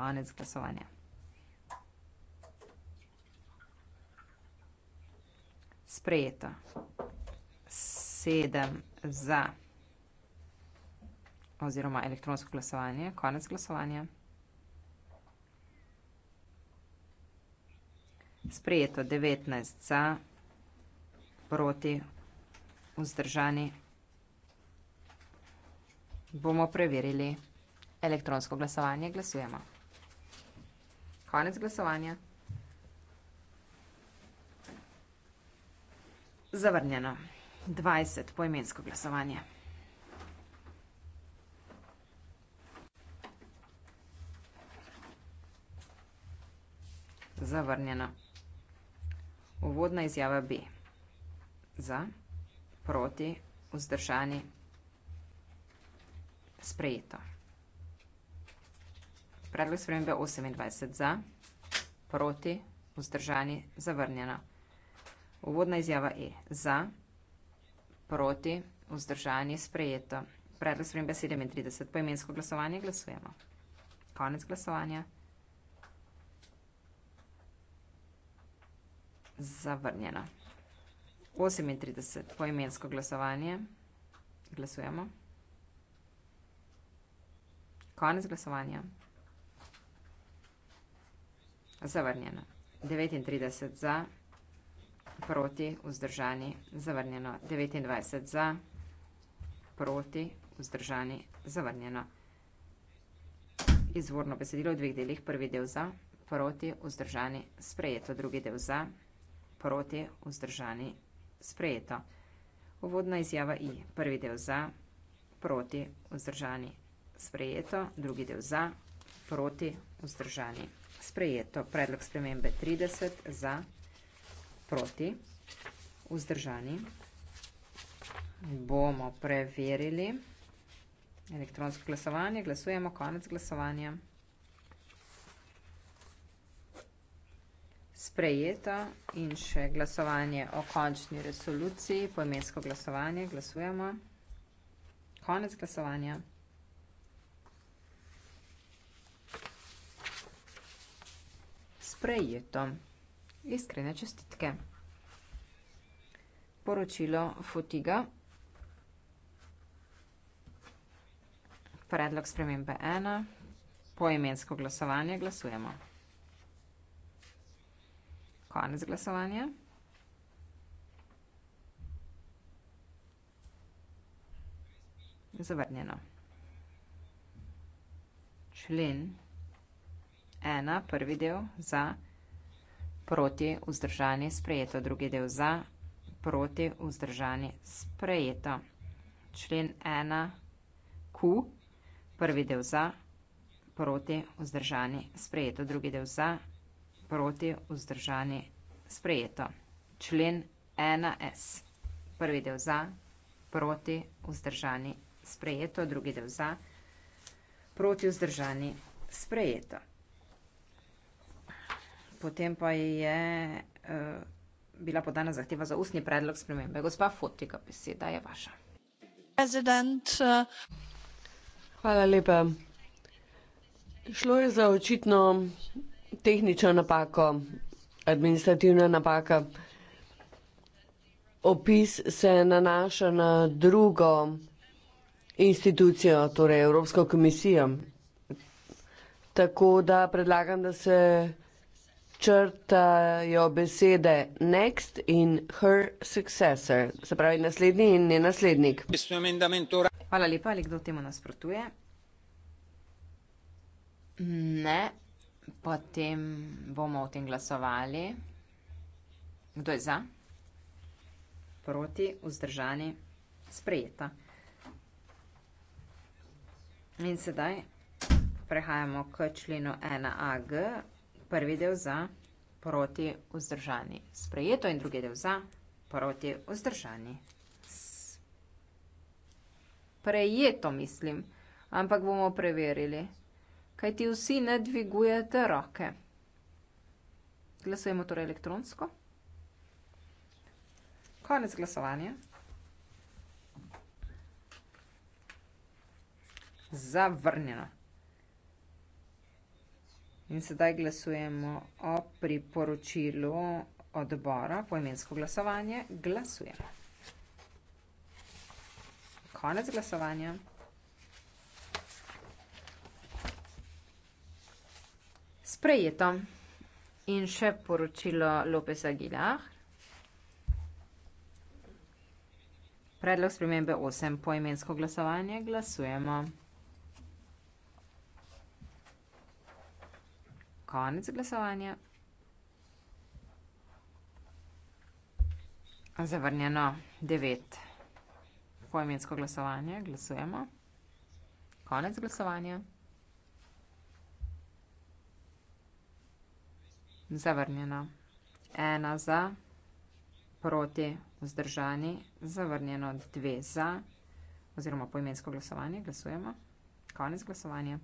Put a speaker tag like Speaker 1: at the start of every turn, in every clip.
Speaker 1: konec glasovanja. Sprejeto. Sedem za oziroma elektronsko glasovanje, konec glasovanja. Sprejeto 19 za, proti, vzdržani. Bomo preverili elektronsko glasovanje, glasujemo. Konec glasovanja. Zavrnjeno. 20 poimensko glasovanje. Zavrnjeno. Uvodna izjava B. Za, proti, vzdržani, sprejeto. Predlog spremembe 28 za, proti, vzdržani, zavrnjena. Uvodna izjava E. Za, proti, vzdržani, sprejeto. Predlog spremembe 37. Poimensko glasovanje glasujemo. Konec glasovanja. Zavrnjena. 38. Poimensko glasovanje. Glasujemo. Konec glasovanja zavrnjeno. 39 za, proti, vzdržani, zavrnjeno. 29 za, proti, vzdržani, zavrnjeno. Izvorno besedilo v dveh delih, prvi del za, proti, vzdržani, sprejeto. Drugi del za, proti, vzdržani, sprejeto. Uvodna izjava I. Prvi del za, proti, vzdržani, sprejeto. Drugi del za, proti, vzdržani, sprejeto sprejeto. Predlog spremembe 30 za proti vzdržani. Bomo preverili elektronsko glasovanje. Glasujemo konec glasovanja. Sprejeto in še glasovanje o končni resoluciji, poimensko glasovanje, glasujemo. Konec glasovanja. prejeto. Iskrene čestitke. Poročilo Futiga. Predlog spremembe 1. Poimensko glasovanje glasujemo. Konec glasovanja. Zavrnjeno. Člen ena, prvi del za, proti, vzdržani, sprejeto, drugi del za, proti, vzdržani, sprejeto. Člen ena, Q, prvi del za, proti, vzdržani, sprejeto, drugi del za, proti, vzdržani, sprejeto. Člen ena, S, prvi del za, proti, vzdržani, sprejeto, drugi del za, proti, vzdržani, sprejeto potem pa je eh, bila podana zahteva za ustni predlog spremembe. Gospa Fotika, beseda je vaša.
Speaker 2: President. Eh. Hvala lepa. Šlo je za očitno tehnično napako, administrativna napaka. Opis se nanaša na drugo institucijo, torej Evropsko komisijo. Tako da predlagam, da se črtajo besede next in her successor, se pravi naslednji in ne naslednik.
Speaker 1: Hvala lepa, ali kdo temu nasprotuje? Ne, potem bomo o tem glasovali. Kdo je za? Proti, vzdržani, sprejeta. In sedaj prehajamo k členu 1AG prvi del za, proti, vzdržani, sprejeto in drugi del za, proti, vzdržani. Prejeto mislim, ampak bomo preverili, kaj ti vsi ne dvigujete roke. Glasujemo torej elektronsko. Konec glasovanja. Zavrnjeno. In sedaj glasujemo o priporočilu odbora, poimensko glasovanje. Glasujemo. Konec glasovanja. Sprejeto. In še poročilo Lopez Aguilar. Predlog spremembe 8. Poimensko glasovanje. Glasujemo. konec glasovanja. Zavrnjeno 9. Poimensko glasovanje. Glasujemo. Konec glasovanja. Zavrnjeno. Ena za, proti, vzdržani, zavrnjeno dve za, oziroma poimensko glasovanje. Glasujemo. Konec glasovanja.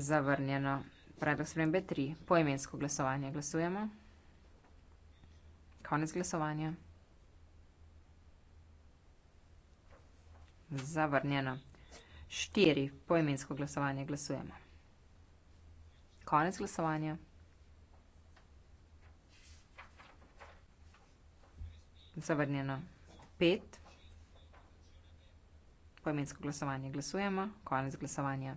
Speaker 1: Zavrnjeno. Predlog spremembe 3. Poimensko glasovanje. Glasujemo. Konec glasovanja. Zavrnjeno. 4. Poimensko glasovanje. Glasujemo. Konec glasovanja. Zavrnjeno. 5. Poimensko glasovanje. Glasujemo. Konec glasovanja.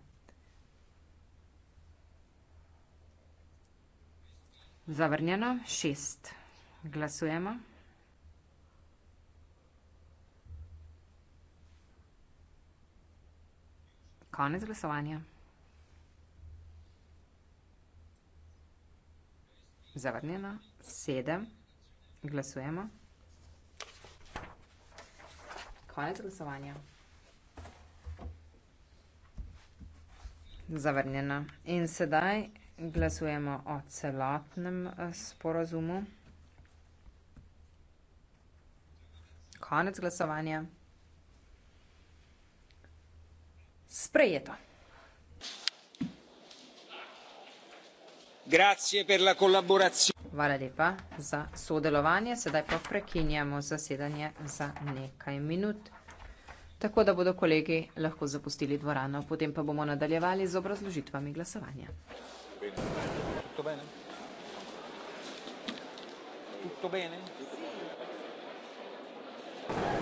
Speaker 1: Zavrnjeno, šest. Glasujemo. Konec glasovanja. Zavrnjeno, sedem. Glasujemo. Konec glasovanja. Zavrnjeno. In sedaj glasujemo o celotnem eh, sporazumu. Konec glasovanja. Sprejeto. Hvala lepa za sodelovanje. Sedaj pa prekinjamo zasedanje za nekaj minut, tako da bodo kolegi lahko zapustili dvorano. Potem pa bomo nadaljevali z obrazložitvami glasovanja.
Speaker 3: Tutto bene? Tutto bene? Tutto bene?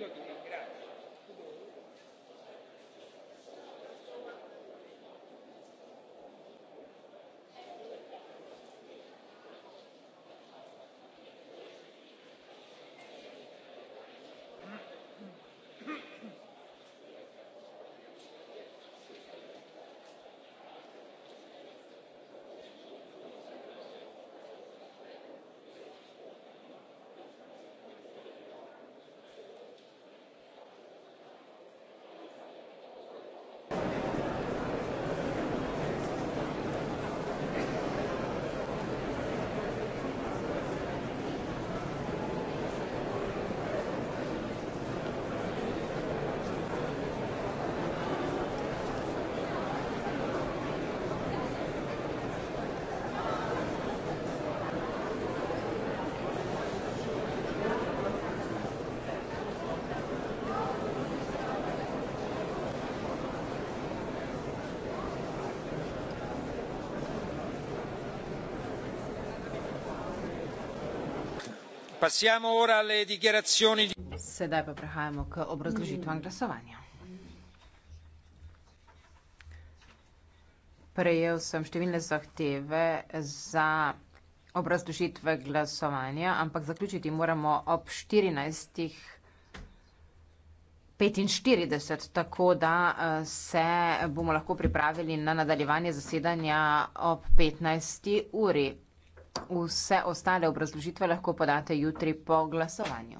Speaker 1: modello. Passiamo ora alle dichiarazioni di... Sedaj pa prehajamo k obrazložitvam glasovanja. Prejel sem številne zahteve za obrazložitve glasovanja, ampak zaključiti moramo ob 14.45, tako da eh, se bomo lahko pripravili na nadaljevanje zasedanja ob 15. uri. Vse ostale obrazložitve lahko podate jutri po glasovanju.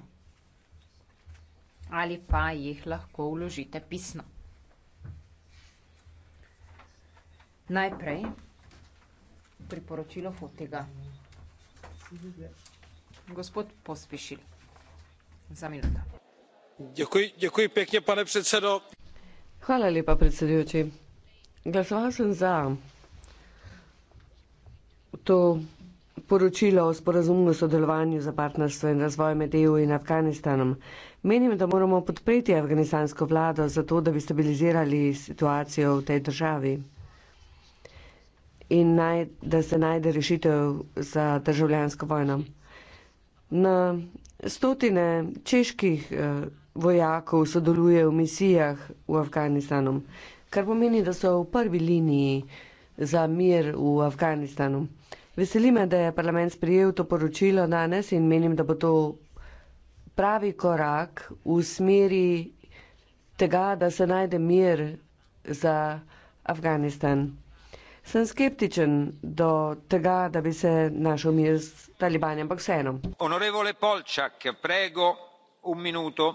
Speaker 1: Ali pa jih lahko vložite pisno. Najprej priporočilo fotega. Gospod Pospišil, za minuto. Děkuji, děkuji pekně, pane predsedo.
Speaker 2: Hvala lepa, predsedujoči. Glasoval sem za to poročilo o sporazumu sodelovanju za partnerstvo in razvoj med EU in Afganistanom. Menim, da moramo podpreti afganistansko vlado za to, da bi stabilizirali situacijo v tej državi in naj, da se najde rešitev za državljansko vojno. Na stotine čeških eh, vojakov sodeluje v misijah v Afganistanu, kar pomeni, da so v prvi liniji za mir v Afganistanu. Veseli me, da je parlament sprejel to poročilo danes in menim, da bo to pravi korak v smeri tega, da se najde mir za Afganistan. Sem skeptičen do tega, da bi se našel mir s talibanjem, ampak vseeno.
Speaker 1: Honorevole Polčak,
Speaker 4: prego, un minuto.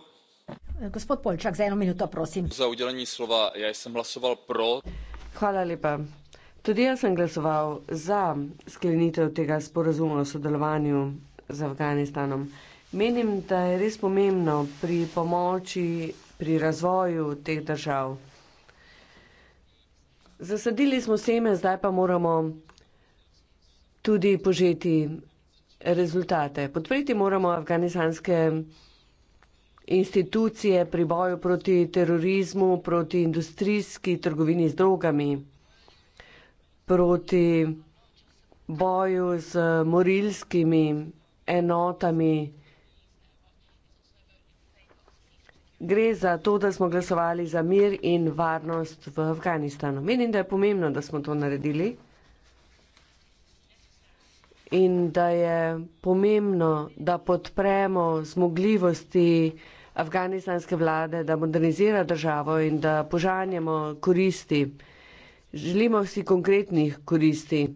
Speaker 2: Gospod Polčak, za eno minuto, prosim.
Speaker 4: Za udelanje slova, ja, jaz sem glasoval pro.
Speaker 2: Hvala lepa. Tudi jaz sem glasoval za sklenitev tega sporazuma o sodelovanju z Afganistanom. Menim, da je res pomembno pri pomoči pri razvoju teh držav. Zasadili smo seme, zdaj pa moramo tudi požeti rezultate. Podpreti moramo afganistanske institucije pri boju proti terorizmu, proti industrijski trgovini z drogami proti boju z morilskimi enotami. Gre za to, da smo glasovali za mir in varnost v Afganistanu. Menim, da je pomembno, da smo to naredili in da je pomembno, da podpremo zmogljivosti afganistanske vlade, da modernizira državo in da požanjamo koristi. Želimo si konkretnih koristi,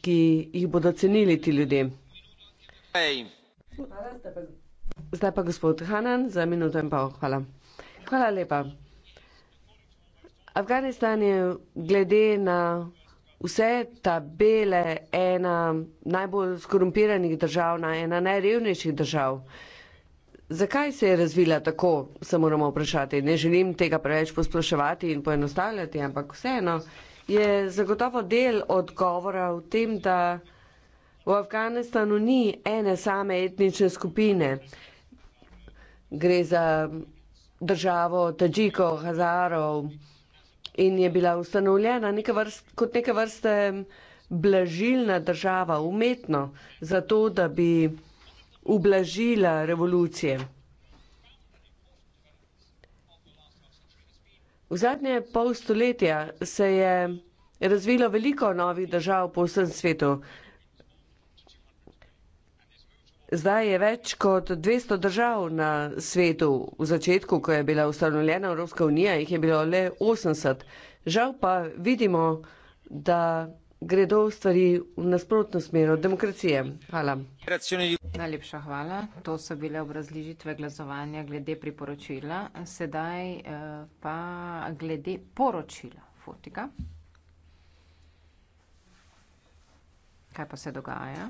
Speaker 2: ki jih bodo cenili ti ljudje. Hey. Zdaj pa gospod Hanan, za minuto in pol. Hvala. Hvala lepa. Afganistan je glede na vse tabele ena najbolj skorumpiranih držav, na ena najrevnejših držav. Zakaj se je razvila tako, se moramo vprašati. Ne želim tega preveč posploševati in poenostavljati, ampak vseeno je zagotovo del odgovora v tem, da v Afganistanu ni ene same etnične skupine. Gre za državo Tadžikov, Hazarov in je bila ustanovljena neka vrst, kot neka vrste blažilna država umetno, zato da bi ublažila revolucije. V zadnje pol stoletja se je razvilo veliko novih držav po vsem svetu. Zdaj je več kot 200 držav na svetu. V začetku, ko je bila ustanovljena Evropska unija, jih je bilo le 80. Žal pa vidimo, da gredo stvari v nasprotno smer od demokracije. Hvala.
Speaker 1: Najlepša hvala. To so bile obrazložitve glasovanja glede priporočila. Sedaj eh, pa glede poročila. Fotika. Kaj pa se dogaja?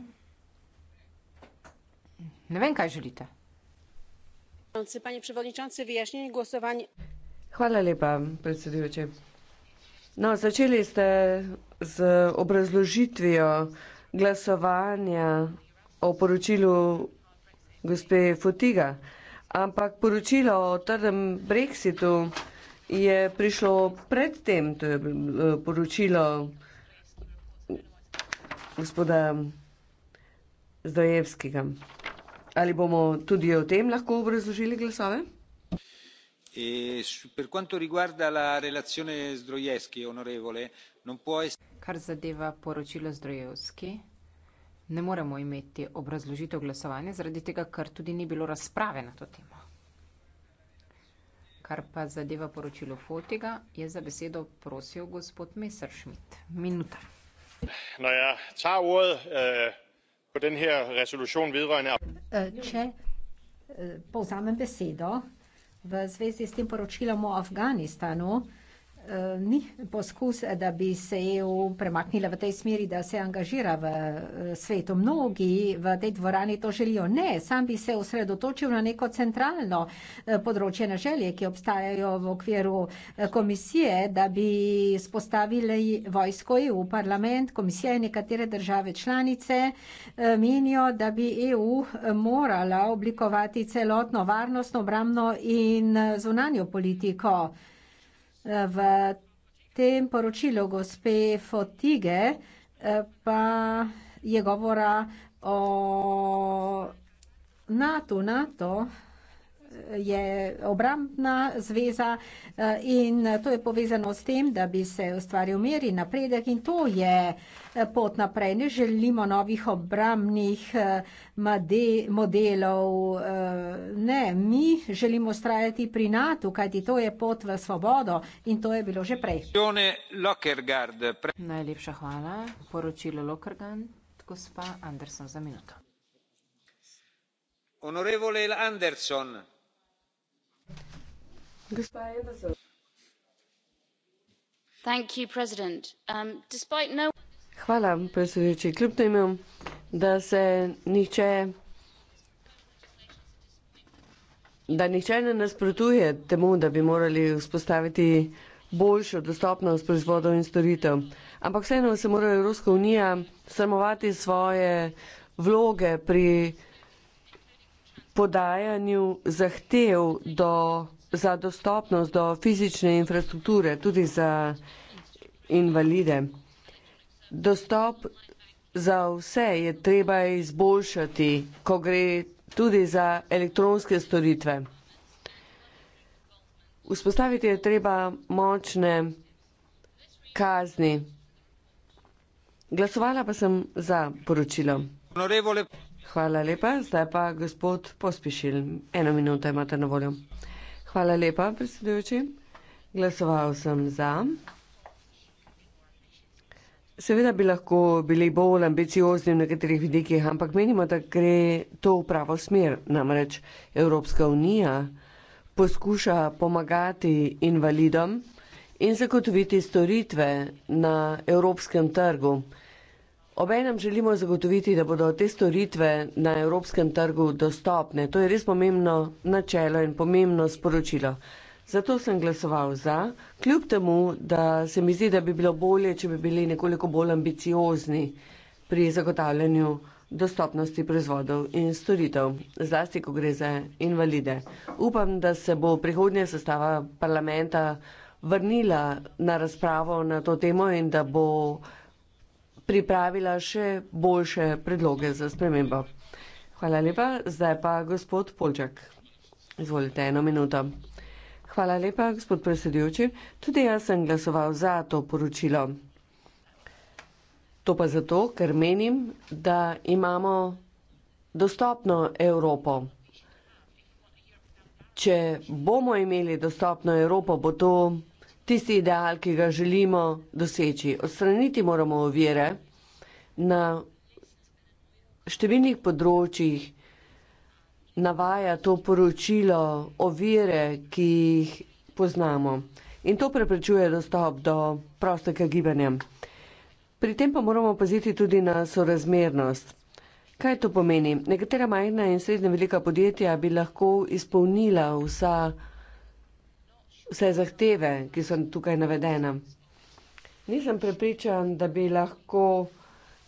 Speaker 1: Ne vem, kaj želite.
Speaker 2: Hvala lepa, predsedujoče. No, začeli ste z obrazložitvijo glasovanja o poročilu gospe Fotiga, ampak poročilo o trdem brexitu je prišlo predtem, to je eh, poročilo gospoda Zdajevskega. Ali bomo tudi o tem lahko obrazložili glasove? E kar zadeva poročilo
Speaker 1: zdrojevski ne moremo imeti obrazložitev glasovanja zaradi tega ker tudi ni bilo razprave na to temo kar pa zadeva poročilo fotiga je za besedo prosil gospod messerschmidt minuta øh,
Speaker 4: øh, če øh, povzamem besedo v zvezi s tem poročilom o Afganistanu. Eh, ni poskus, da bi se EU premaknila v tej smeri, da se angažira v eh, svetu. Mnogi v tej dvorani to želijo. Ne, sam bi se osredotočil na neko centralno eh, področje na želje, ki obstajajo v okviru komisije, da bi spostavili vojsko EU, parlament, komisija in nekatere države članice menijo, da bi EU morala oblikovati celotno varnostno, obramno in zunanjo politiko v tem poročilu gospe Fotige eh, pa je govora o NATO, NATO, je obrambna zveza eh, in to je povezano s tem, da bi se ustvaril mir in napredek in to je eh, pot naprej. Ne želimo novih obrambnih eh, modelov. Ne, mi želimo ustrajati pri NATO, kajti to je pot v svobodo in to je bilo že prej. Najlepša hvala.
Speaker 1: Poročilo Lokergan, gospa Anderson za minuto.
Speaker 3: Honorevole Anderson,
Speaker 1: Um, no-
Speaker 2: Hvala, predsedujoči. Kljub temu, da se nihče, da nihče ne nasprotuje temu, da bi morali vzpostaviti boljšo dostopnost proizvodov in storitev. Ampak vseeno se mora Evropska unija sramovati svoje vloge pri podajanju zahtev do za dostopnost do fizične infrastrukture, tudi za invalide. Dostop za vse je treba izboljšati, ko gre tudi za elektronske storitve. Vzpostaviti je treba močne kazni. Glasovala pa sem za poročilo. Hvala lepa, zdaj pa gospod Pospišil. Eno minuto imate na voljo. Hvala lepa, predsedujoči. Glasoval sem za. Seveda bi lahko bili bolj ambiciozni v nekaterih vidikih, ampak menimo, da gre to v pravo smer. Namreč Evropska unija poskuša pomagati invalidom in zagotoviti storitve na evropskem trgu. Obenem želimo zagotoviti, da bodo te storitve na evropskem trgu dostopne. To je res pomembno načelo in pomembno sporočilo. Zato sem glasoval za, kljub temu, da se mi zdi, da bi bilo bolje, če bi bili nekoliko bolj ambiciozni pri zagotavljanju dostopnosti proizvodov in storitev, zlasti, ko gre za invalide. Upam, da se bo prihodnja sestava parlamenta vrnila na razpravo na to temo in da bo pripravila še boljše predloge za spremembo. Hvala lepa. Zdaj pa gospod Polčak. Izvolite eno minuto. Hvala lepa, gospod predsedujoči. Tudi jaz sem glasoval za to poročilo. To pa zato, ker menim, da imamo dostopno Evropo. Če bomo imeli dostopno Evropo, bo to tisti ideal, ki ga želimo doseči. Odstraniti moramo ovire na številnih področjih, navaja to poročilo ovire, ki jih poznamo. In to preprečuje dostop do prostega gibanja. Pri tem pa moramo paziti tudi na sorazmernost. Kaj to pomeni? Nekatera majhna in srednja velika podjetja bi lahko izpolnila vsa vse zahteve, ki so tukaj navedene. Nisem prepričan, da bi lahko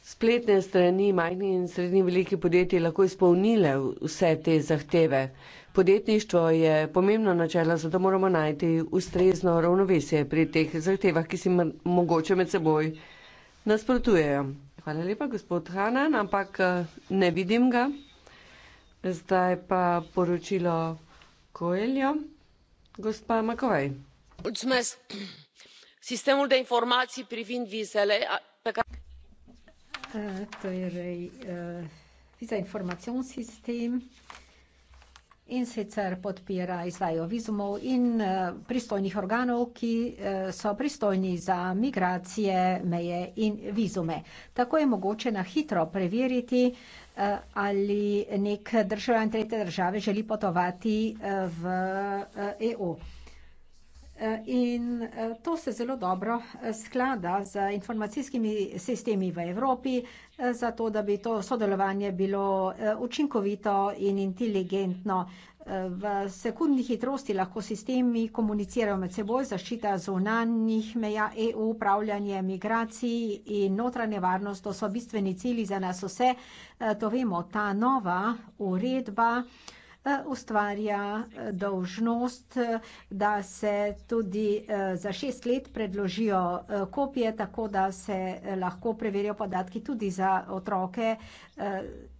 Speaker 2: spletne strani majhnih in srednjih velikih podjetij lahko izpolnile vse te zahteve. Podjetništvo je pomembno načelo, zato moramo najti ustrezno ravnovesje pri teh zahtevah, ki si mogoče med seboj nasprotujejo. Hvala lepa, gospod Hanan, ampak ne vidim ga. Zdaj pa poročilo Koeljo doamnă președintă sistemul de informații privind vizele pe care
Speaker 4: uh, in sicer podpira izdajo vizumov in eh, pristojnih organov, ki eh, so pristojni za migracije, meje in vizume. Tako je mogoče na hitro preveriti, eh, ali nek državljan tretje države želi potovati v EU. E In eh, to se zelo dobro eh, sklada z informacijskimi sistemi v Evropi, eh, zato da bi to sodelovanje bilo učinkovito in inteligentno. V sekundni hitrosti lahko sistemi komunicirajo med seboj, zaščita zunanjih meja EU, upravljanje migracij in notranje varnost, to so bistveni cilji za nas vse. To vemo, ta nova uredba Eh, ustvarja eh, dolžnost, eh, da se tudi za šest let predložijo kopije, tako da se lahko preverijo podatki tudi za otroke,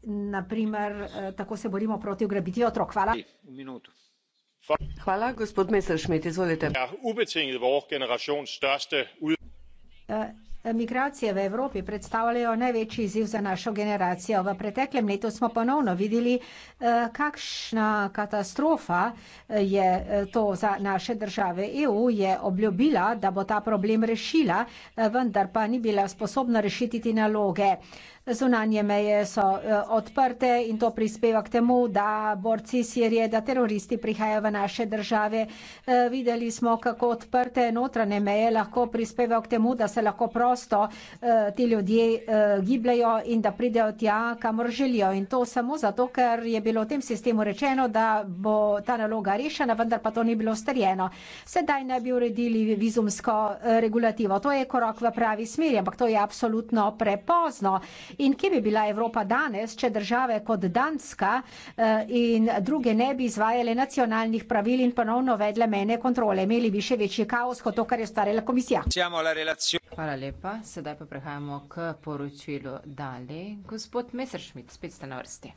Speaker 4: na primer, tako se borimo proti ugrabitvi otrok. Hvala.
Speaker 2: Hvala. Gospod Messerschmidt, izvolite.
Speaker 4: Ja, Migracije v Evropi predstavljajo največji izziv za našo generacijo. V preteklem letu smo ponovno videli, eh, kakšna katastrofa eh, je eh, to za naše države. EU je obljubila, da bo ta problem rešila, vendar pa ni bila sposobna rešiti naloge zunanje meje so e, odprte in to prispeva k temu, da borci Sirije, da teroristi prihajajo v naše države. E, videli smo, kako odprte notranje meje lahko prispeva k temu, da se lahko prosto e, ti ljudje gibljajo in da pridejo tja, kamor želijo. In to samo zato, ker je bilo v tem sistemu rečeno, da bo ta naloga rešena, vendar pa to ni bilo starjeno. Sedaj naj bi uredili vizumsko regulativo. To je korak v pravi smeri, ampak to je absolutno prepozno. In kje bi bila Evropa danes, če države kot Danska eh, in druge ne bi izvajale nacionalnih pravil in ponovno vedle mene kontrole? Imeli bi še večji kaos kot to, kar je ustvarjala komisija.
Speaker 1: Hvala lepa. Sedaj pa prehajamo k poročilu dalje. Gospod Messerschmidt, spet ste na vrsti.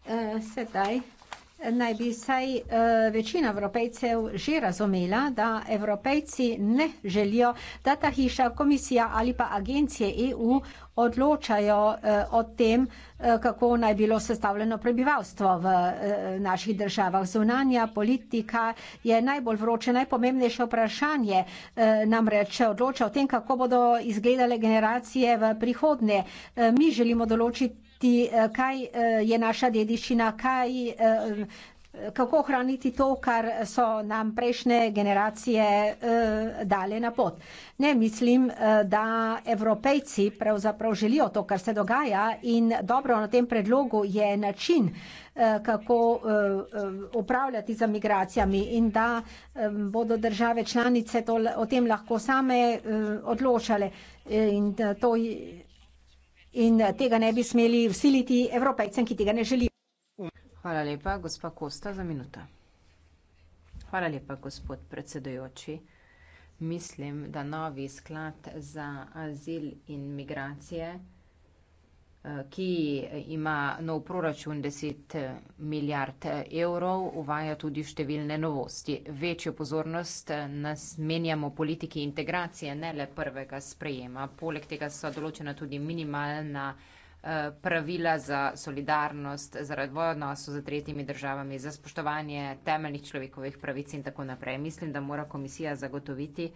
Speaker 4: Eh, sedaj naj bi saj uh, eh, večina evropejcev že razumela, da evropejci ne želijo, da ta hiša, komisija ali pa agencije EU odločajo uh, o tem, uh, kako naj bilo sestavljeno prebivalstvo v uh, naših državah. Zunanja politika je najbolj vroče, najpomembnejše vprašanje uh, namreč odloča o tem, kako bodo izgledale generacije v prihodnje. Uh, mi želimo določiti ti, eh, kaj eh, je naša dediščina, kaj, eh, kako ohraniti to, kar so nam prejšnje generacije dale na pot. Ne, mislim, da evropejci pravzaprav želijo to, kar se dogaja in dobro na tem predlogu je način, kako upravljati za migracijami in da bodo države članice to, o tem lahko same odločale. In to je, in eh, tega ne bi smeli usiliti evropejcem, ki tega ne želijo.
Speaker 1: Hvala lepa, gospa Kosta, za minuto. Hvala lepa, gospod predsedojoči. Mislim, da novi sklad za azil in migracije ki ima nov proračun 10 eh, milijard eh, evrov, uvaja tudi številne novosti. Večjo pozornost eh, nas menjamo politiki integracije, ne le prvega sprejema. Poleg tega so določena tudi minimalna pravila za solidarnost, za razvojno so za tretjimi državami, za spoštovanje temeljnih človekovih pravic in tako naprej. Mislim, da mora komisija zagotoviti,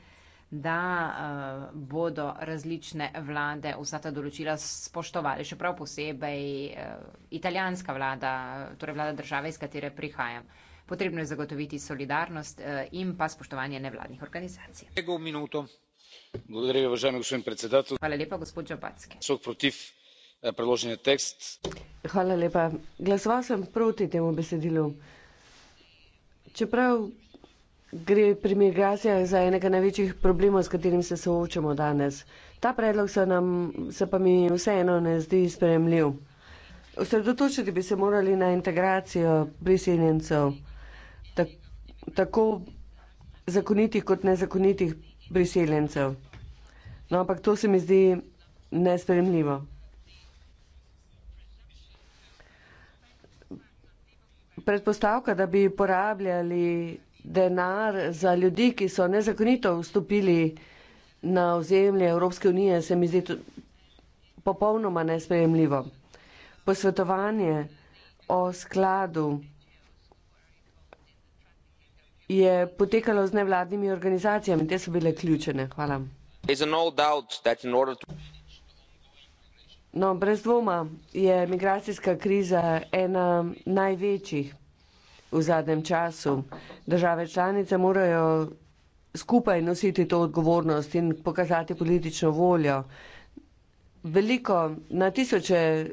Speaker 1: da uh, bodo različne vlade vsa ta določila spoštovali, še prav posebej uh, italijanska vlada, torej vlada države, iz katere prihajam. Potrebno je zagotoviti solidarnost uh, in pa spoštovanje nevladnih organizacij. Hvala lepa,
Speaker 2: gospod Džabacki.
Speaker 1: Predloženi tekst.
Speaker 2: Hvala lepa. Glasoval sem proti temu besedilu. Čeprav Gre pri migracijah za enega največjih problemov, s katerim se soočamo danes. Ta predlog se, nam, se pa mi vseeno ne zdi spremljiv. Osredotočiti bi se morali na integracijo priseljencev, tak, tako zakonitih kot nezakonitih priseljencev. No, ampak to se mi zdi nespremljivo. Predpostavka, da bi uporabljali denar za ljudi, ki so nezakonito vstopili na ozemlje Evropske unije, se mi zdi popolnoma nesprejemljivo. Posvetovanje o skladu je potekalo z nevladnimi organizacijami, te so bile ključene. Hvala. No, no, brez dvoma je migracijska kriza ena največjih v zadnjem času. Države članice morajo skupaj nositi to odgovornost in pokazati politično voljo. Veliko, na tisoče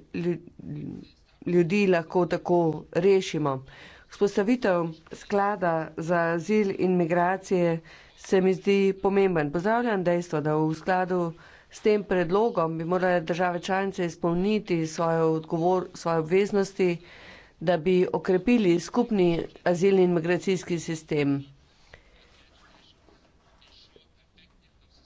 Speaker 2: ljudi lahko tako rešimo. Vzpostavitev sklada za azil in migracije se mi zdi pomemben. Pozdravljam dejstvo, da v skladu s tem predlogom bi morale države članice izpolniti svoje, odgovor, svoje obveznosti da bi okrepili skupni azilni in migracijski sistem.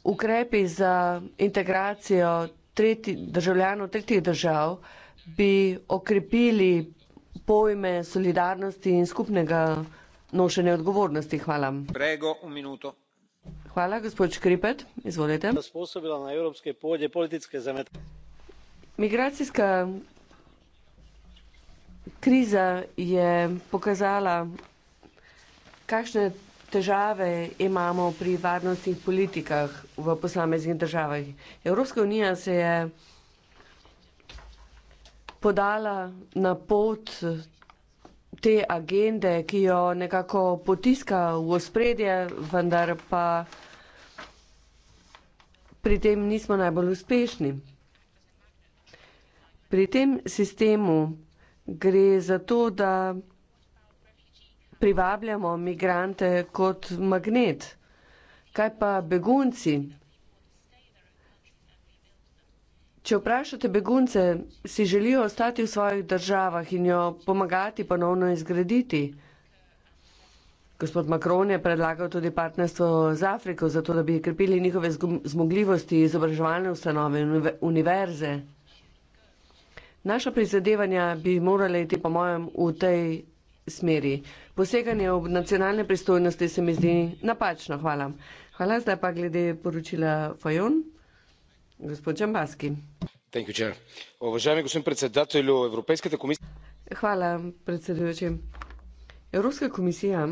Speaker 2: Ukrepi za integracijo tretji, državljanov tretjih držav bi okrepili pojme solidarnosti in skupnega nošenja odgovornosti. Hvala. Prego, Hvala, gospod Škripet, izvolite. Migracijska Kriza je pokazala, kakšne težave imamo pri varnostnih politikah v posameznih državah. Evropska unija se je podala na pot te agende, ki jo nekako potiska v ospredje, vendar pa pri tem nismo najbolj uspešni. Pri tem sistemu gre za to, da privabljamo migrante kot magnet. Kaj pa begunci? Če vprašate begunce, si želijo ostati v svojih državah in jo pomagati ponovno izgraditi. Gospod Makron je predlagal tudi partnerstvo z Afriko, zato da bi krepili njihove zmogljivosti izobraževalne ustanove in univerze. Naša prizadevanja bi morala iti, po mojem, v tej smeri. Poseganje v nacionalne pristojnosti se mi zdi napačno. Hvala. Hvala zdaj pa glede poročila Fajon. Gospod Čambaski. Hvala, predsedujoči. Evropska komisija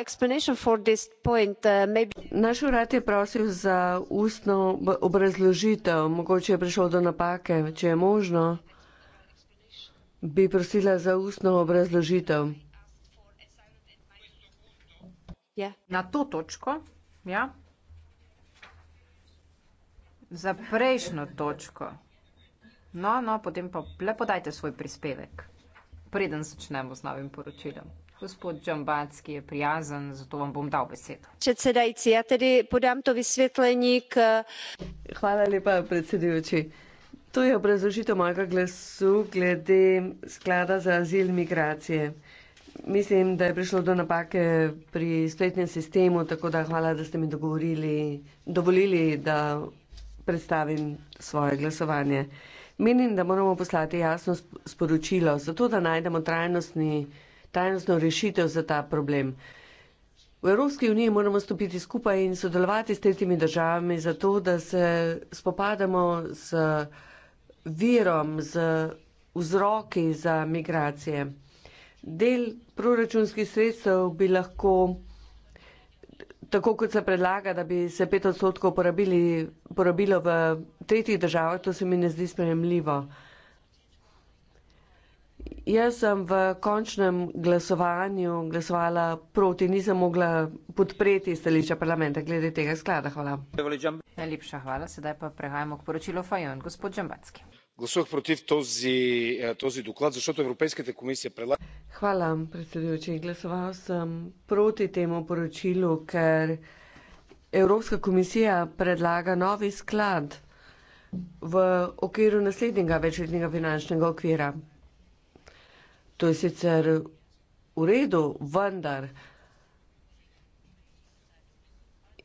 Speaker 2: Uh, naš urad je prosil za ustno obrazložitev mogoče je prišlo do napake če je možno bi prosila za ustno obrazložitev
Speaker 1: ja. na to točko ja za prejšnjo točko no no potem pa le podajte svoj prispevek preden začnemo z novim poročilom Gospod Džambacki je prijazen, zato vam bom dal besedo.
Speaker 2: Predsedajci, ja tedy podam to vysvetlení k... Hvala lepa, predsedujoči. To je obrazložitev mojega glasu glede sklada za azil migracije. Mislim, da je prišlo do napake pri spletnem sistemu, tako da hvala, da ste mi dogovorili, dovolili, da predstavim svoje glasovanje. Menim, da moramo poslati jasno sporočilo, zato da najdemo trajnostni tajnostno rešitev za ta problem. V Evropski uniji moramo stopiti skupaj in sodelovati s tretjimi državami za to, da se spopadamo z virom, z vzroki za migracije. Del proračunskih sredstev bi lahko, tako kot se predlaga, da bi se pet odstotkov porabilo v tretjih državah, to se mi ne zdi sprejemljivo. Jaz sem v končnem glasovanju glasovala proti, nisem mogla podpreti stališča parlamenta glede tega sklada. Hvala. Najlepša hvala. Sedaj pa prehajamo k poročilu Fajon. Gospod Džambacki.
Speaker 1: Glasujem proti tozi, eh, tozi doklad, zato je Evropska komisija predlagala.
Speaker 2: Hvala, predsedujoči. Glasoval sem proti temu poročilu, ker Evropska komisija predlaga novi sklad v okviru naslednjega večletnega finančnega okvira. To je sicer v redu, vendar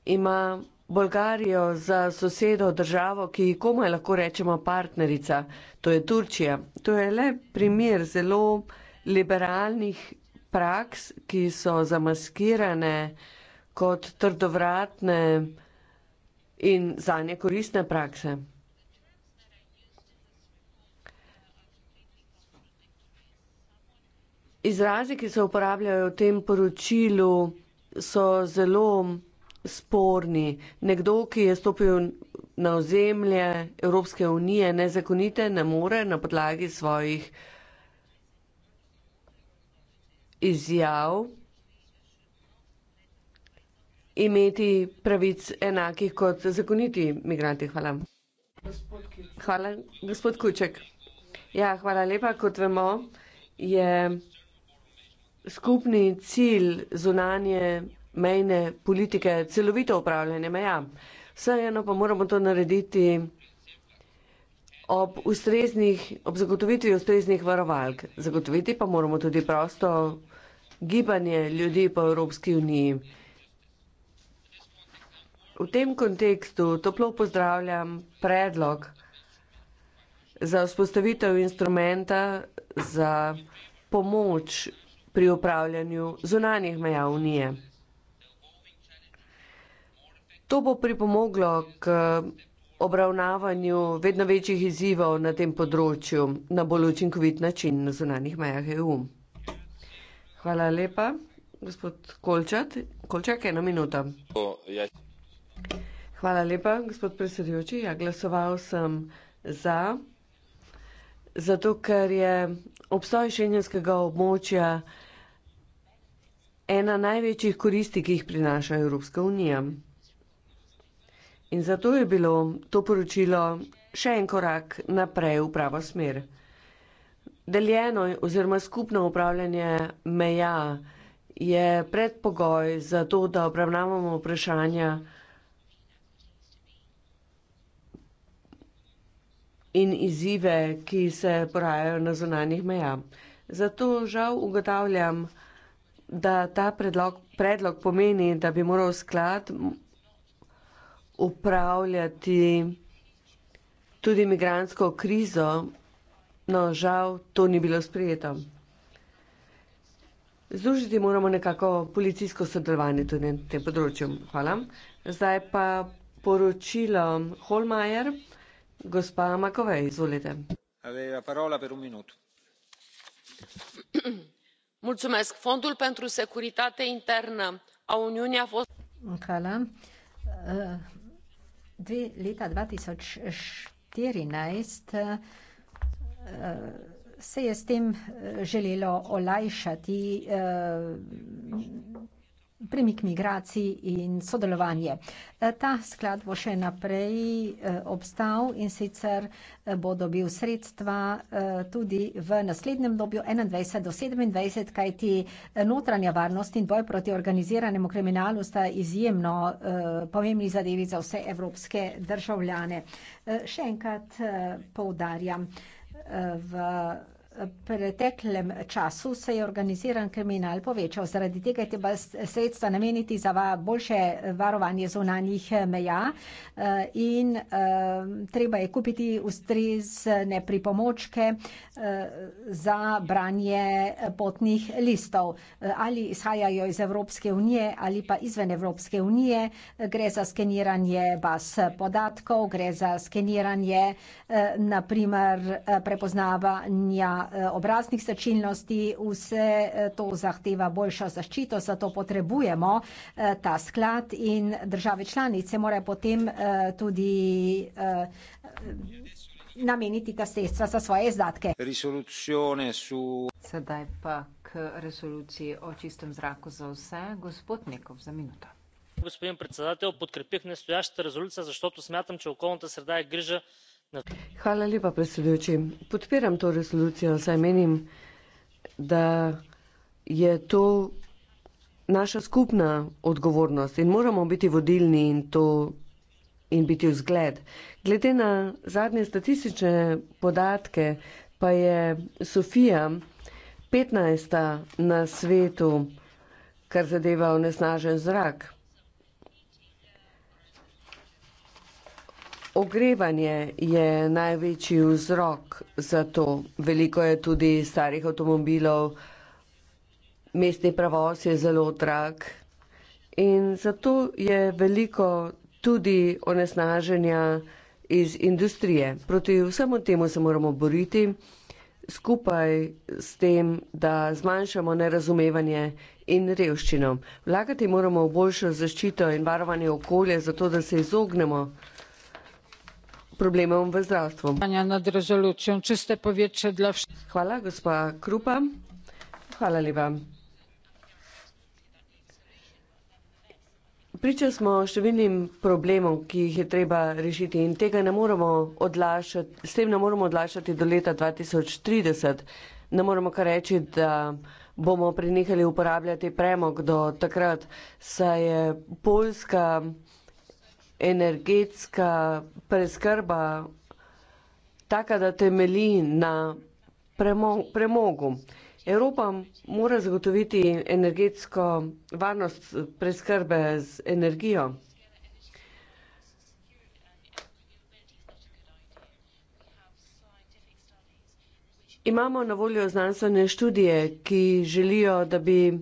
Speaker 2: ima Bolgarijo za sosedo državo, ki komaj lahko rečemo partnerica, to je Turčija. To je le primer zelo liberalnih praks, ki so zamaskirane kot trdovratne in zanje koristne prakse. Izrazi, ki se uporabljajo v tem poročilu, so zelo sporni. Nekdo, ki je stopil na ozemlje Evropske unije nezakonite, ne more na podlagi svojih izjav imeti pravic enakih kot zakoniti migranti. Hvala. Hvala, gospod Kuček. Ja, hvala lepa. Kot vemo, je skupni cilj zunanje mejne politike celovito upravljanje meja. Vseeno pa moramo to narediti ob, ob zagotovitvi ustreznih varovalk. Zagotoviti pa moramo tudi prosto gibanje ljudi po Evropski uniji. V tem kontekstu toplo pozdravljam predlog za vzpostavitev instrumenta za pomoč pri upravljanju zunanjih meja Unije. To bo pripomoglo k obravnavanju vedno večjih izzivov na tem področju na bolj učinkovit način na zunanjih mejah EU. Hvala lepa. Gospod Kolčat. Kolčak, ena minuta. Hvala lepa, gospod predsedujoči. Ja, glasoval sem za, zato ker je obstoj šengenskega območja ena največjih koristi, ki jih prinaša Evropska unija. In zato je bilo to poročilo še en korak naprej v pravo smer. Deljeno oziroma skupno upravljanje meja je predpogoj za to, da obravnavamo vprašanja in izzive, ki se porajajo na zunanjih meja. Zato žal ugotavljam, da ta predlog, predlog pomeni, da bi moral sklad upravljati tudi migransko krizo, no žal to ni bilo sprejeto. Združiti moramo nekako policijsko sodelovanje tudi na tem področju. Hvala. Zdaj pa poročilo Holmajer, gospa Makovej, izvolite. Aveva parola per un minut domnule președinte fondul pentru securitate internă a uniunii a fost
Speaker 4: premik migracij in sodelovanje. E, ta sklad bo še naprej e, obstal in sicer e, bo dobil sredstva tudi v naslednjem dobju 21 do 27, kajti notranja varnost in boj proti organiziranemu kriminalu sta izjemno pomembni zadevi za vse evropske državljane. Še enkrat poudarjam v preteklem času se je organiziran kriminal povečal, zaradi tega je treba sredstva nameniti za boljše varovanje zunanjih eh, meja eh, in eh, treba je kupiti ustrezne pripomočke za branje potnih listov. Ali izhajajo iz Evropske unije ali pa izven Evropske unije, gre za skeniranje baz podatkov, gre za skeniranje na primer prepoznavanja Eh, obraznih značilnosti, vse eh, to zahteva boljšo zaščito, zato potrebujemo eh, ta sklad in države članice morajo potem tudi nameniti ta sredstva za svoje izdatke. Sedaj pa k resoluciji o čistem zraku
Speaker 2: za vse. Gospod Nekov, za minuto. Gospod predsedatelj, podkrepih nestojašta resolucija, zaštoto smatram, če okolnata sreda je griža Hvala lepa, predsedujoči. Podpiram to resolucijo, saj menim, da je to naša skupna odgovornost in moramo biti vodilni in to in biti vzgled. Glede na zadnje statistične podatke pa je Sofija 15. na svetu, kar zadeva onesnažen zrak. Ogrevanje je največji vzrok za to. Veliko je tudi starih avtomobilov, mestni pravos je zelo drag in zato je veliko tudi onesnaženja iz industrije. Proti vsemu temu se moramo boriti skupaj s tem, da zmanjšamo nerazumevanje in revščino. Vlagati moramo v boljšo zaščito in varovanje okolja, zato da se izognemo problemom v zdravstvu. priča smo številnim problemom ki jih je treba rešiti in tega ne moremo odlašati s tem ne moremo odlašati do leta dva tisoč trideset ne moremo kar reči da bomo prenehali uporabljati premog do takrat saj je poljska energetska preskrba taka, da temeli na premo premogu. Evropa mora zagotoviti energetsko varnost preskrbe z energijo. Imamo na voljo znanstvene študije, ki želijo, da bi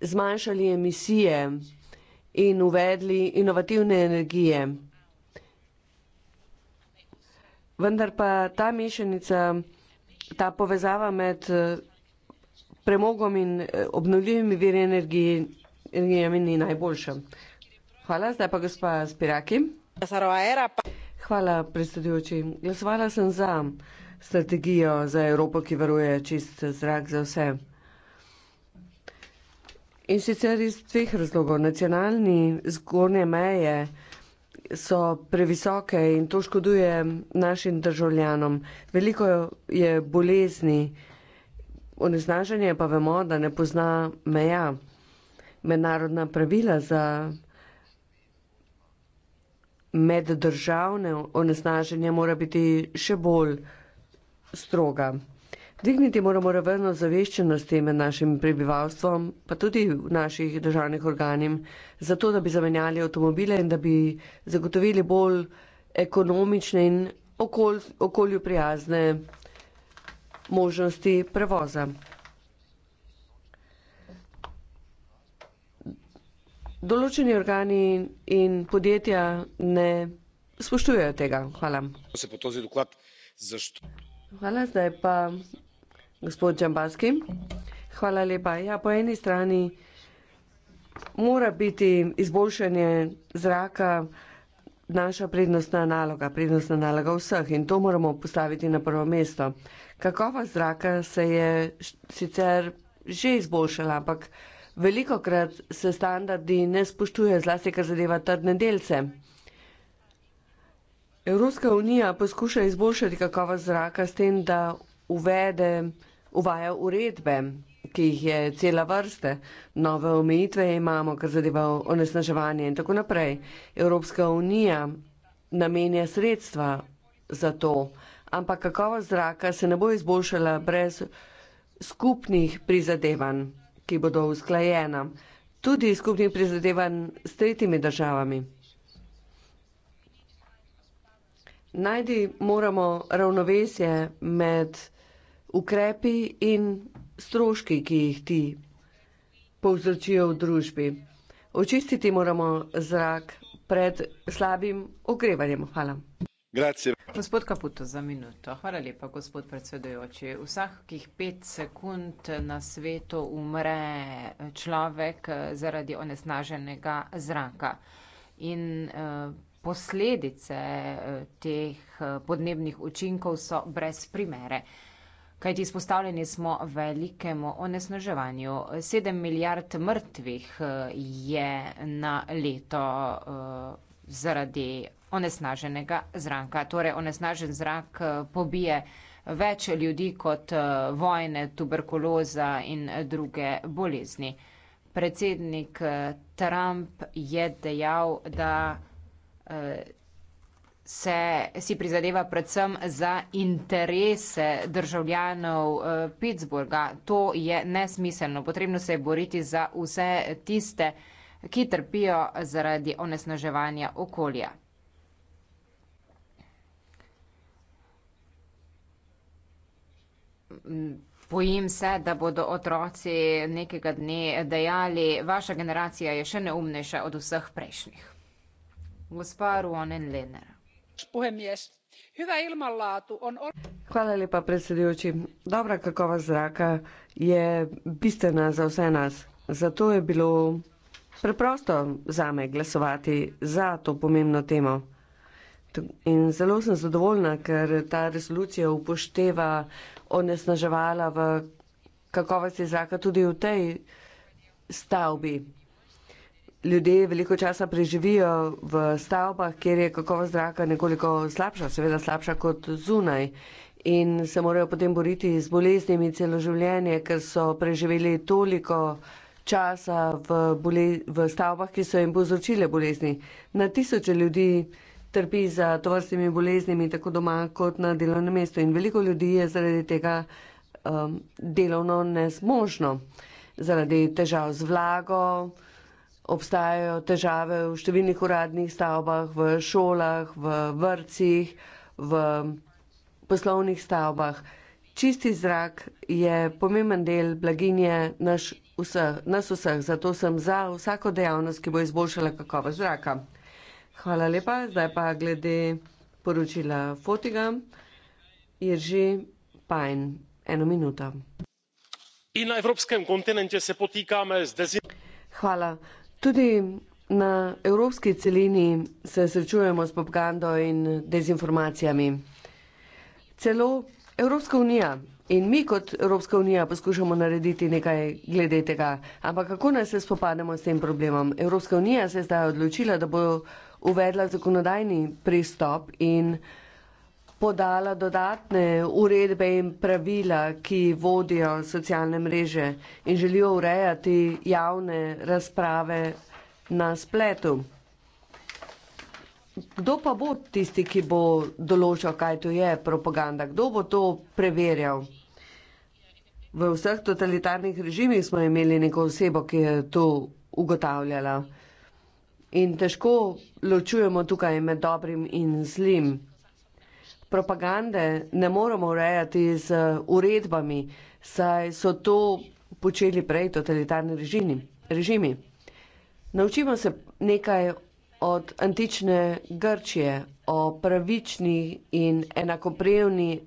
Speaker 2: zmanjšali emisije in uvedli inovativne energije. Vendar pa ta mešanica, ta povezava med eh, premogom in eh, obnovljivimi viri energije, energijami ni najboljša. Hvala, zdaj pa gospa Spiraki. Hvala, predsedujoči. Glasovala sem za strategijo za Evropo, ki varuje čist zrak za vse. In sicer iz dveh razlogov. Nacionalni zgornje meje so previsoke in to škoduje našim državljanom. Veliko je bolezni, oneznaženje pa vemo, da ne pozna meja. Mednarodna pravila za meddržavne oneznaženje mora biti še bolj stroga. Digniti moramo raven ozaveščenosti med našim prebivalstvom, pa tudi naših državnih organim, zato da bi zamenjali avtomobile in da bi zagotovili bolj ekonomične in okol, okolju prijazne možnosti prevoza. Določeni organi in podjetja ne spoštujejo tega. Hvala. Hvala, zdaj pa. Gospod Džambarski, hvala lepa. Ja, po eni strani mora biti izboljšanje zraka naša prednostna naloga, prednostna naloga vseh in to moramo postaviti na prvo mesto. Kakova zraka se je sicer že izboljšala, ampak veliko krat se standardi ne spoštuje, zlasti kar zadeva trdne delce. Evropska unija poskuša izboljšati kakovost zraka s tem, da uvede uvaja uredbe, ki jih je cela vrste, nove omejitve imamo, kar zadeva onesnaževanje in tako naprej. Evropska unija namenja sredstva za to, ampak kakovost zraka se ne bo izboljšala brez skupnih prizadevanj, ki bodo usklajena, tudi skupnih prizadevanj s tretjimi državami. Najdi moramo ravnovesje med ukrepi in stroški, ki jih ti povzročijo v družbi. Očistiti moramo zrak pred slabim ogrevanjem. Hvala. Grazie. Gospod Kaputo, za minuto.
Speaker 1: Hvala lepa, gospod predsedujoči. Vsakih pet sekund na svetu umre človek zaradi onesnaženega zraka. In eh, posledice eh, teh eh, podnebnih učinkov so brez primere kajti izpostavljeni smo velikemu onesnaževanju. 7 milijard mrtvih eh, je na leto eh, zaradi onesnaženega zraka. Torej, onesnažen zrak eh, pobije več ljudi kot vojne, tuberkuloza in druge bolezni. Predsednik Trump je dejal, da se, si prizadeva predvsem za interese državljanov eh, Pittsburgha. To je nesmiselno. Potrebno se je boriti za vse tiste, ki trpijo zaradi onesnaževanja okolja. Bojim se, da bodo otroci nekega dne dejali, vaša generacija je še neumnejša od vseh prejšnjih. Gospa Ruonen Lenera
Speaker 2: gospa predsedujoča dobra kakovost zraka je bistvena za vse nas zato je bilo preprosto zame glasovati za to pomembno temo. In zelo sem zadovoljna, ker ta resolucija upošteva onesnaževala v kakovosti zraka tudi v tej stavbi ljudje veliko časa preživijo v stavbah, kjer je kakovost zraka nekoliko slabša, seveda slabša kot zunaj. In se morajo potem boriti z boleznimi celo življenje, ker so preživeli toliko časa v, bole, v stavbah, ki so jim povzročile bolezni. Na tisoče ljudi trpi za tovrstnimi boleznimi, tako doma kot na delovnem mestu. In veliko ljudi je zaradi tega um, delovno nesmožno, zaradi težav z vlago, uh, obstajajo težave v številnih uradnih stavbah, v šolah, v vrcih, v poslovnih stavbah. Čisti zrak je pomemben del blaginje naš vseh, nas vseh, zato sem za vsako dejavnost, ki bo izboljšala kakovo zraka. Hvala lepa, zdaj pa glede poročila Fotiga, Jerži Pajn, eno minuto. In na evropskem kontinentu se potikame z dezinformacijami. Hvala. Tudi na evropski celini se srečujemo s propagando in dezinformacijami. Celo Evropska unija in mi kot Evropska unija poskušamo narediti nekaj glede tega. Ampak kako naj se spopademo s tem problemom? Evropska unija se je zdaj odločila, da bo uvedla zakonodajni pristop in podala dodatne uredbe in pravila, ki vodijo socialne mreže in želijo urejati javne razprave na spletu. Kdo pa bo tisti, ki bo določal, kaj to je propaganda? Kdo bo to preverjal? V vseh totalitarnih režimih smo imeli neko osebo, ki je to ugotavljala. In težko ločujemo tukaj med dobrim in slim propagande ne moremo urejati z uredbami, saj so to počeli prej totalitarni režimi. režimi. Naučimo se nekaj od antične Grčije o pravični in enakopravni,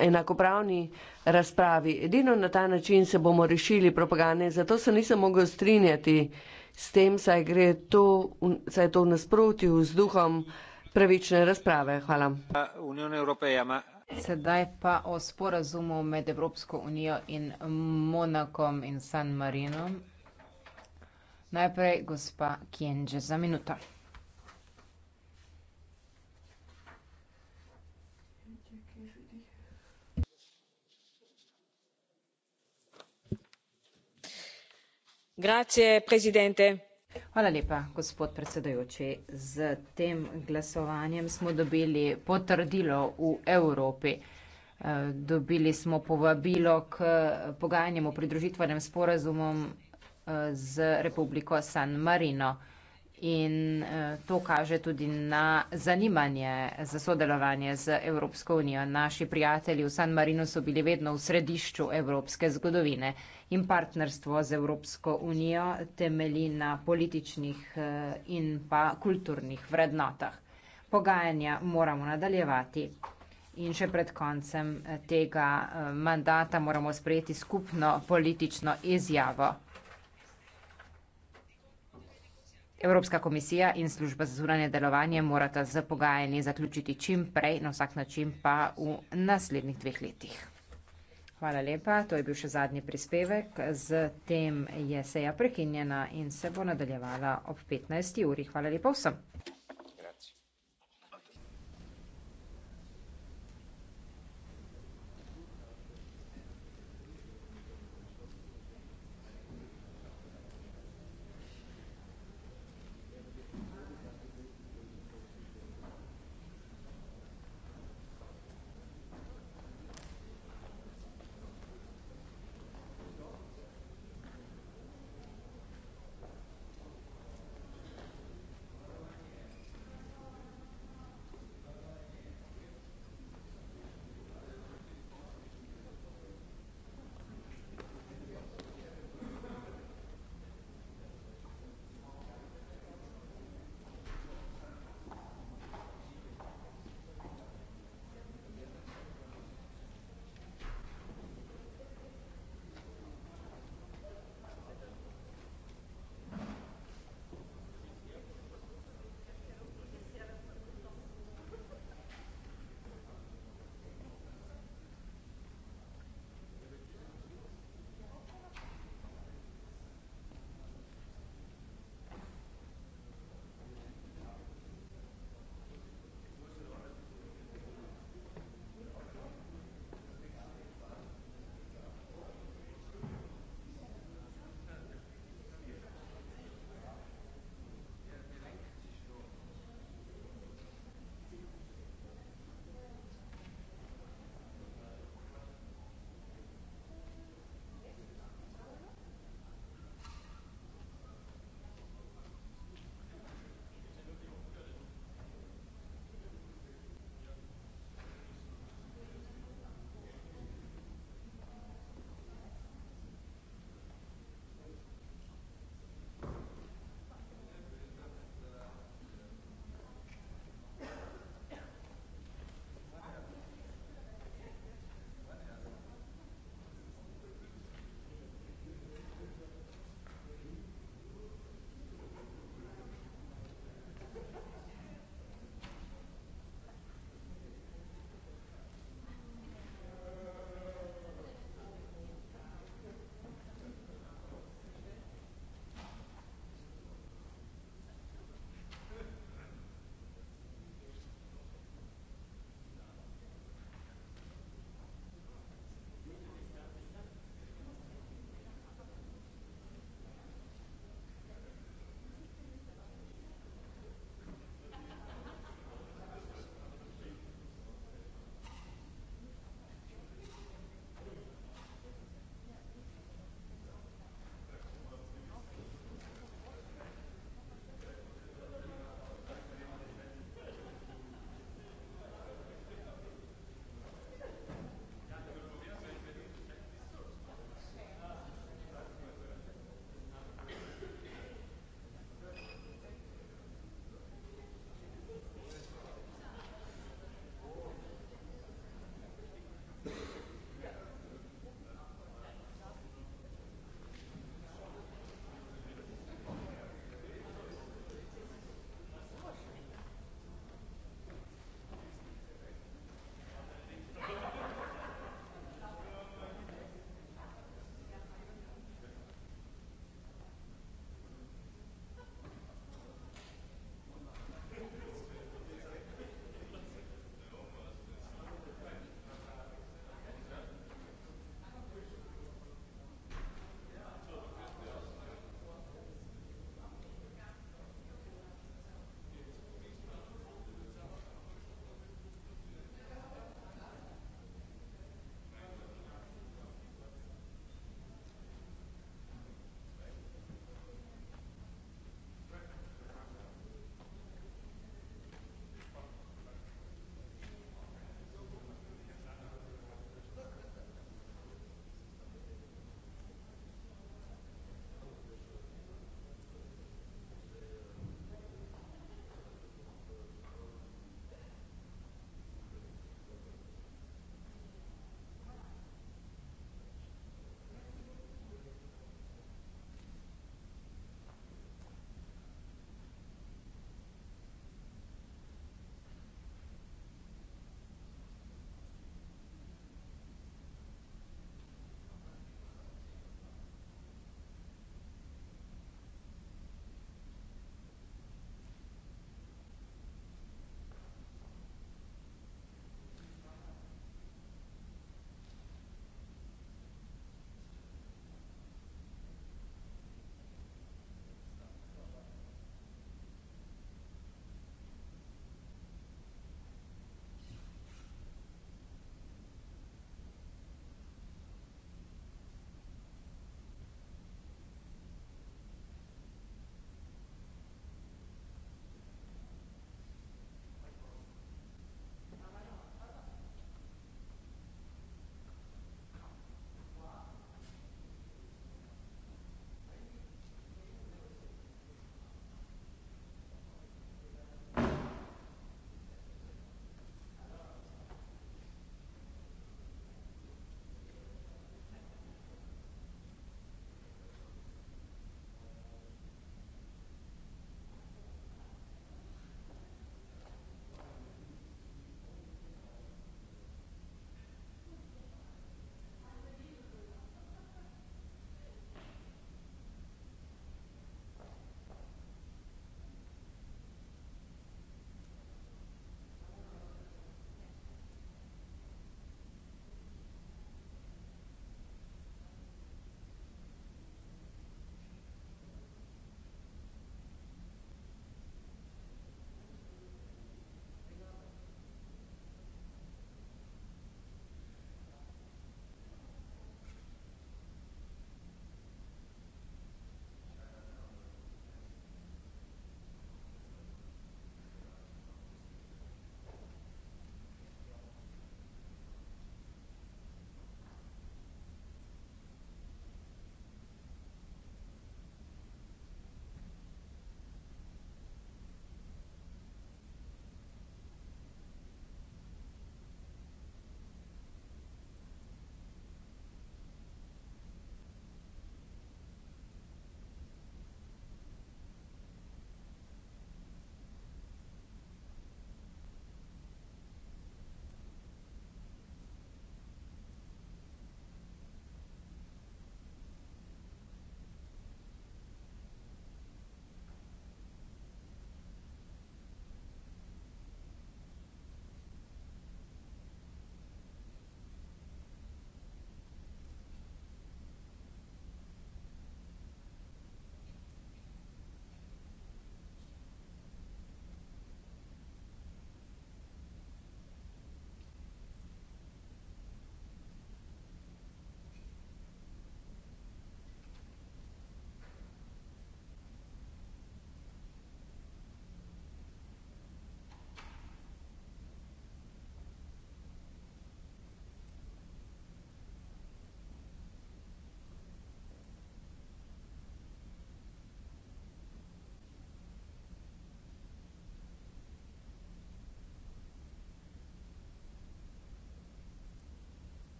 Speaker 2: enakopravni razpravi. Edino na ta način se bomo rešili propagande, zato se nisem mogel strinjati s tem, saj, to, saj je to v nasprotju z duhom pravične razprave. Hvala.
Speaker 1: Sedaj pa o sporazumu med Evropsko unijo in Monakom in San Marinom. Najprej gospa Kienže za minuto. Grazie, presidente. Hvala lepa, gospod predsedajoči. Z tem glasovanjem smo dobili potrdilo v Evropi. Eh, dobili smo povabilo k pogajanjem o pridružitvenem sporazumu eh, z Republiko San Marino. In eh, to kaže tudi na zanimanje za sodelovanje z Evropsko unijo. Naši prijatelji v San Marinu so bili vedno v središču evropske zgodovine in partnerstvo z Evropsko unijo temeli na političnih eh, in pa kulturnih vrednotah. Pogajanja moramo nadaljevati. In še pred koncem eh, tega mandata moramo sprejeti skupno politično izjavo Evropska komisija in služba za zunanje delovanje morata z pogajanji zaključiti čim prej, na vsak način pa v naslednjih dveh letih. Hvala lepa, to je bil še zadnji prispevek. Z tem je seja prekinjena in se bo nadaljevala ob 15. uri. Hvala lepa vsem.